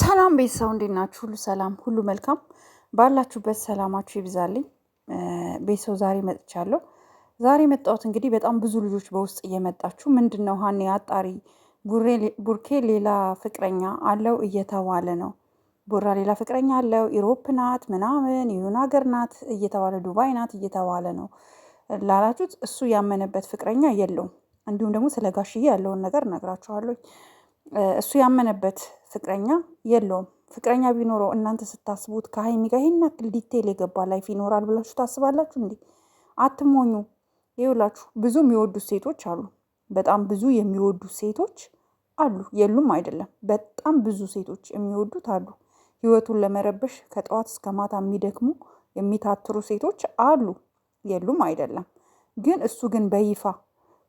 ሰላም ቤተሰብ እንዴት ናችሁ? ሁሉ ሰላም፣ ሁሉ መልካም ባላችሁበት ሰላማችሁ ይብዛልኝ። ቤተሰብ ዛሬ መጥቻለሁ። ዛሬ መጣሁት እንግዲህ በጣም ብዙ ልጆች በውስጥ እየመጣችሁ ምንድን ነው ሀኒ አጣሪ ቡርኬ ሌላ ፍቅረኛ አለው እየተባለ ነው። ቡራ ሌላ ፍቅረኛ አለው፣ ኢሮፕ ናት ምናምን ይሁን ሀገር ናት እየተባለ ዱባይ ናት እየተባለ ነው ላላችሁት እሱ ያመነበት ፍቅረኛ የለውም። እንዲሁም ደግሞ ስለ ጋሽዬ ያለውን ነገር እነግራችኋለሁ። እሱ ያመነበት ፍቅረኛ የለውም። ፍቅረኛ ቢኖረው እናንተ ስታስቡት ከሀይሚ ጋር ይሄን ያክል የገባ ላይፍ ይኖራል ብላችሁ ታስባላችሁ እንዴ? አትሞኙ። ይውላችሁ ብዙ የሚወዱት ሴቶች አሉ። በጣም ብዙ የሚወዱት ሴቶች አሉ። የሉም አይደለም፣ በጣም ብዙ ሴቶች የሚወዱት አሉ። ህይወቱን ለመረበሽ ከጠዋት እስከ ማታ የሚደክሙ የሚታትሩ ሴቶች አሉ። የሉም አይደለም። ግን እሱ ግን በይፋ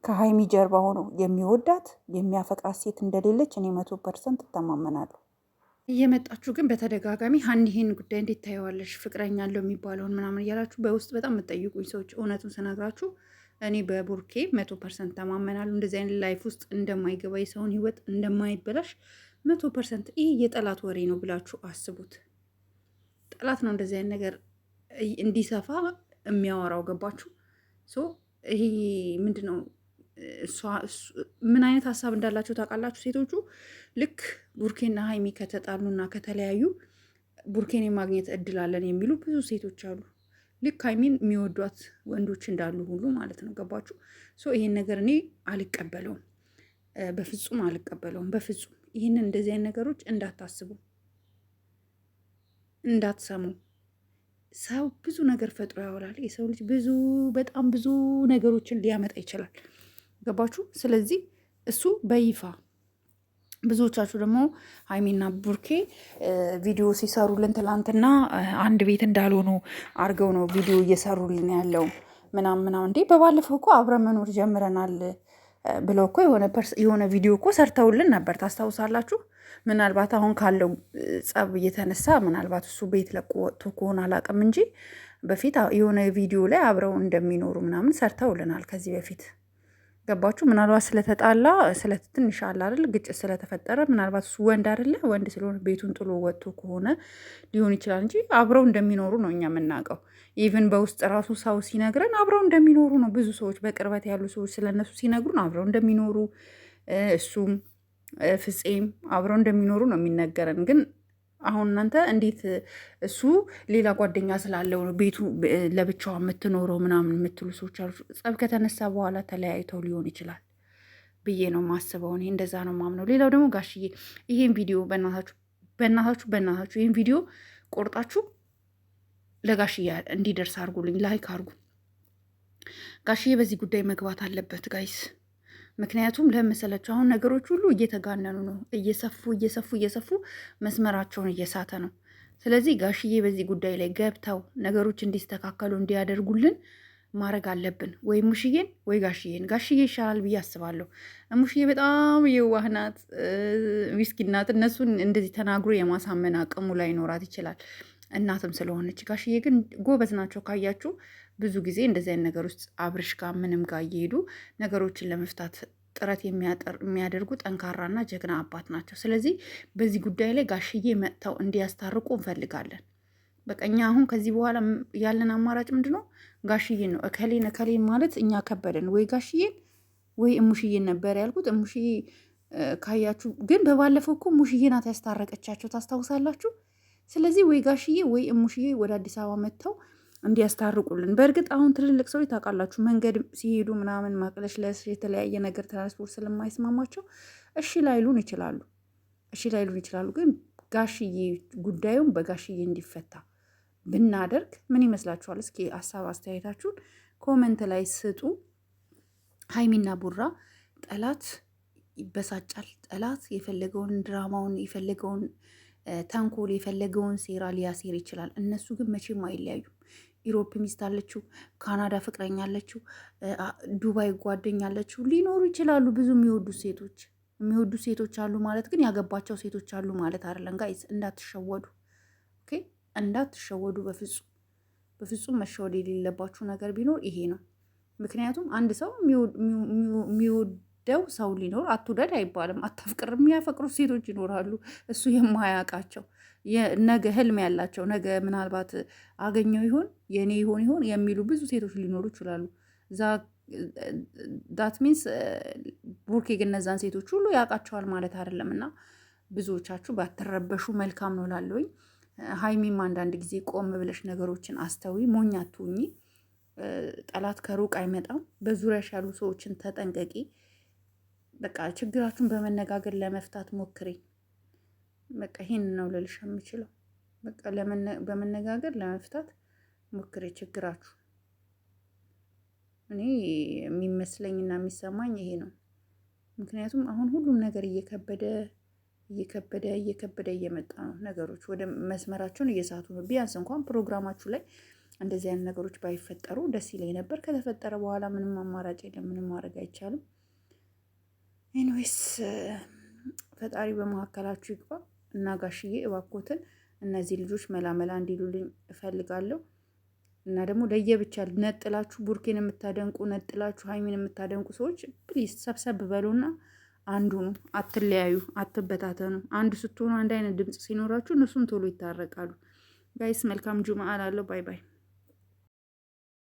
ከሀይሚ ጀርባ ሆኖ የሚወዳት የሚያፈቅራት ሴት እንደሌለች እኔ መቶ ፐርሰንት እተማመናለሁ። እየመጣችሁ ግን በተደጋጋሚ አንድ ይሄን ጉዳይ እንዴት ታየዋለሽ? ፍቅረኛ አለው የሚባለውን ምናምን እያላችሁ በውስጥ በጣም የምጠይቁኝ ሰዎች፣ እውነቱን ስነግራችሁ እኔ በቡርኬ መቶ ፐርሰንት ተማመናለሁ። እንደዚህ አይነት ላይፍ ውስጥ እንደማይገባ የሰውን ህይወት እንደማይበላሽ መቶ ፐርሰንት። ይህ የጠላት ወሬ ነው ብላችሁ አስቡት። ጠላት ነው እንደዚህ አይነት ነገር እንዲሰፋ የሚያወራው ገባችሁ? ይሄ ምንድን ነው ምን አይነት ሀሳብ እንዳላቸው ታውቃላችሁ ሴቶቹ። ልክ ቡርኬና ሀይሚ ከተጣሉና ከተለያዩ ቡርኬን የማግኘት እድል አለን የሚሉ ብዙ ሴቶች አሉ። ልክ ሀይሚን የሚወዷት ወንዶች እንዳሉ ሁሉ ማለት ነው። ገባችሁ? ሶ ይሄን ነገር እኔ አልቀበለውም፣ በፍጹም አልቀበለውም፣ በፍጹም ይህንን እንደዚህ አይነት ነገሮች እንዳታስቡ፣ እንዳትሰሙ። ሰው ብዙ ነገር ፈጥሮ ያወራል። የሰው ልጅ ብዙ በጣም ብዙ ነገሮችን ሊያመጣ ይችላል። ገባችሁ? ስለዚህ እሱ በይፋ ብዙዎቻችሁ ደግሞ ሀይሚና ቡርኬ ቪዲዮ ሲሰሩልን ትላንትና አንድ ቤት እንዳልሆኑ አድርገው ነው ቪዲዮ እየሰሩልን ያለው ምናምን ምናምን። እንዴ በባለፈው እኮ አብረ መኖር ጀምረናል ብለው እኮ የሆነ ቪዲዮ እኮ ሰርተውልን ነበር፣ ታስታውሳላችሁ። ምናልባት አሁን ካለው ጸብ እየተነሳ ምናልባት እሱ ቤት ለቆ ወጥቶ ከሆነ አላቅም እንጂ በፊት የሆነ ቪዲዮ ላይ አብረው እንደሚኖሩ ምናምን ሰርተውልናል ከዚህ በፊት። ገባችሁ? ምናልባት ስለተጣላ ስለ ትንሽ አለ አይደል ግጭት ስለተፈጠረ ምናልባት እሱ ወንድ አይደለ ወንድ ስለሆነ ቤቱን ጥሎ ወጥቶ ከሆነ ሊሆን ይችላል እንጂ አብረው እንደሚኖሩ ነው እኛ የምናውቀው። ኢቭን በውስጥ ራሱ ሰው ሲነግረን አብረው እንደሚኖሩ ነው። ብዙ ሰዎች በቅርበት ያሉ ሰዎች ስለነሱ ሲነግሩን አብረው እንደሚኖሩ እሱም ፍፄም አብረው እንደሚኖሩ ነው የሚነገረን ግን አሁን እናንተ እንዴት እሱ ሌላ ጓደኛ ስላለው ነው ቤቱ ለብቻዋ የምትኖረው ምናምን የምትሉ ሰዎች አሉ። ጸብ ከተነሳ በኋላ ተለያይተው ሊሆን ይችላል ብዬ ነው ማስበው። እኔ እንደዛ ነው ማምነው። ሌላው ደግሞ ጋሽዬ ይሄን ቪዲዮ በእናታችሁ በእናታችሁ በእናታችሁ ይህን ቪዲዮ ቆርጣችሁ ለጋሽዬ እንዲደርስ አድርጉልኝ፣ ላይክ አድርጉ። ጋሽዬ በዚህ ጉዳይ መግባት አለበት ጋይስ። ምክንያቱም ለመሰላችሁ አሁን ነገሮች ሁሉ እየተጋነኑ ነው፣ እየሰፉ እየሰፉ እየሰፉ መስመራቸውን እየሳተ ነው። ስለዚህ ጋሽዬ በዚህ ጉዳይ ላይ ገብተው ነገሮች እንዲስተካከሉ እንዲያደርጉልን ማድረግ አለብን። ወይ ሙሽዬን ወይ ጋሽዬን፣ ጋሽዬ ይሻላል ብዬ አስባለሁ። ሙሽዬ በጣም የዋህናት ዊስኪናት እነሱን እንደዚህ ተናግሮ የማሳመን አቅሙ ላይ ኖራት ይችላል። እናትም ስለሆነች ጋሽዬ ግን ጎበዝ ናቸው። ካያችሁ ብዙ ጊዜ እንደዚህ አይነት ነገር ውስጥ አብርሽ ጋር ምንም ጋር እየሄዱ ነገሮችን ለመፍታት ጥረት የሚያደርጉ ጠንካራና ጀግና አባት ናቸው። ስለዚህ በዚህ ጉዳይ ላይ ጋሽዬ መጥተው እንዲያስታርቁ እንፈልጋለን። በቃ እኛ አሁን ከዚህ በኋላ ያለን አማራጭ ምንድን ነው? ጋሽዬን ነው እከሌን እከሌን ማለት እኛ ከበደን። ወይ ጋሽዬን ወይ እሙሽዬን ነበር ያልኩት። እሙሽዬ ካያችሁ ግን በባለፈው እኮ ሙሽዬ ናት ያስታረቀቻቸው ታስታውሳላችሁ። ስለዚህ ወይ ጋሽዬ ወይ እሙሽዬ ወደ አዲስ አበባ መጥተው እንዲያስታርቁልን። በእርግጥ አሁን ትልልቅ ሰዎች ታውቃላችሁ፣ መንገድ ሲሄዱ ምናምን ማቅለሽለስ፣ የተለያየ ነገር ትራንስፖርት ስለማይስማማቸው እሺ ላይሉን ይችላሉ፣ እሺ ላይሉን ይችላሉ። ግን ጋሽዬ ጉዳዩን በጋሽዬ እንዲፈታ ብናደርግ ምን ይመስላችኋል? እስኪ ሀሳብ አስተያየታችሁን ኮመንት ላይ ስጡ። ሀይሚና ቡራ ጠላት ይበሳጫል። ጠላት የፈለገውን ድራማውን የፈለገውን ተንኮል የፈለገውን ሴራ ሊያሴር ይችላል። እነሱ ግን መቼም አይለያዩም። ኢሮፕ ሚስት አለችው፣ ካናዳ ፍቅረኛ አለችው፣ ዱባይ ጓደኛ አለችው። ሊኖሩ ይችላሉ። ብዙ የሚወዱ ሴቶች የሚወዱ ሴቶች አሉ ማለት ግን ያገባቸው ሴቶች አሉ ማለት አይደለም። ጋይስ እንዳትሸወዱ፣ ኦኬ እንዳትሸወዱ። በፍጹም በፍጹም መሸወድ የሌለባችሁ ነገር ቢኖር ይሄ ነው። ምክንያቱም አንድ ሰው የሚወድ ወደው ሰው ሊኖር አትውደድ አይባልም። አታፍቅር የሚያፈቅሩ ሴቶች ይኖራሉ። እሱ የማያውቃቸው ነገ ህልም ያላቸው ነገ ምናልባት አገኘው ይሆን የእኔ ይሆን ይሆን የሚሉ ብዙ ሴቶች ሊኖሩ ይችላሉ። ዛት ሚንስ ቡርኬ ግን እነዛን ሴቶች ሁሉ ያውቃቸዋል ማለት አይደለም። እና ብዙዎቻችሁ ባትረበሹ መልካም ነው ላለውኝ ሀይሚም አንዳንድ ጊዜ ቆም ብለሽ ነገሮችን አስተዊ፣ ሞኝ አትሁኚ። ጠላት ከሩቅ አይመጣም። በዙሪያሽ ያሉ ሰዎችን ተጠንቀቂ። በቃ ችግራችሁን በመነጋገር ለመፍታት ሞክሪ። በቃ ይሄን ነው ልልሽ የምችለው። በቃ በመነጋገር ለመፍታት ሞክሪ ችግራችሁ። እኔ የሚመስለኝና የሚሰማኝ ይሄ ነው። ምክንያቱም አሁን ሁሉም ነገር እየከበደ እየከበደ እየከበደ እየመጣ ነው። ነገሮች ወደ መስመራቸውን እየሳቱ ነው። ቢያንስ እንኳን ፕሮግራማችሁ ላይ እንደዚህ አይነት ነገሮች ባይፈጠሩ ደስ ይለኝ ነበር። ከተፈጠረ በኋላ ምንም አማራጭ የለም። ምንም ማድረግ አይቻልም። ኢንዌስ ፈጣሪ በመካከላችሁ ይግባ እና ጋሽዬ እባኮትን እነዚህ ልጆች መላመላ እንዲሉልኝ እፈልጋለሁ። እና ደግሞ ለየብቻ ነጥላችሁ ቡርኬን የምታደንቁ ነጥላችሁ ሀይሚን የምታደንቁ ሰዎች ፕሊዝ ሰብሰብ በሉና አንዱ ነው። አትለያዩ፣ አትበታተኑ። አንዱ ስትሆኑ አንድ አይነት ድምፅ ሲኖራችሁ እነሱም ቶሎ ይታረቃሉ። ጋይስ መልካም ጁምአ አላለሁ። ባይ ባይ።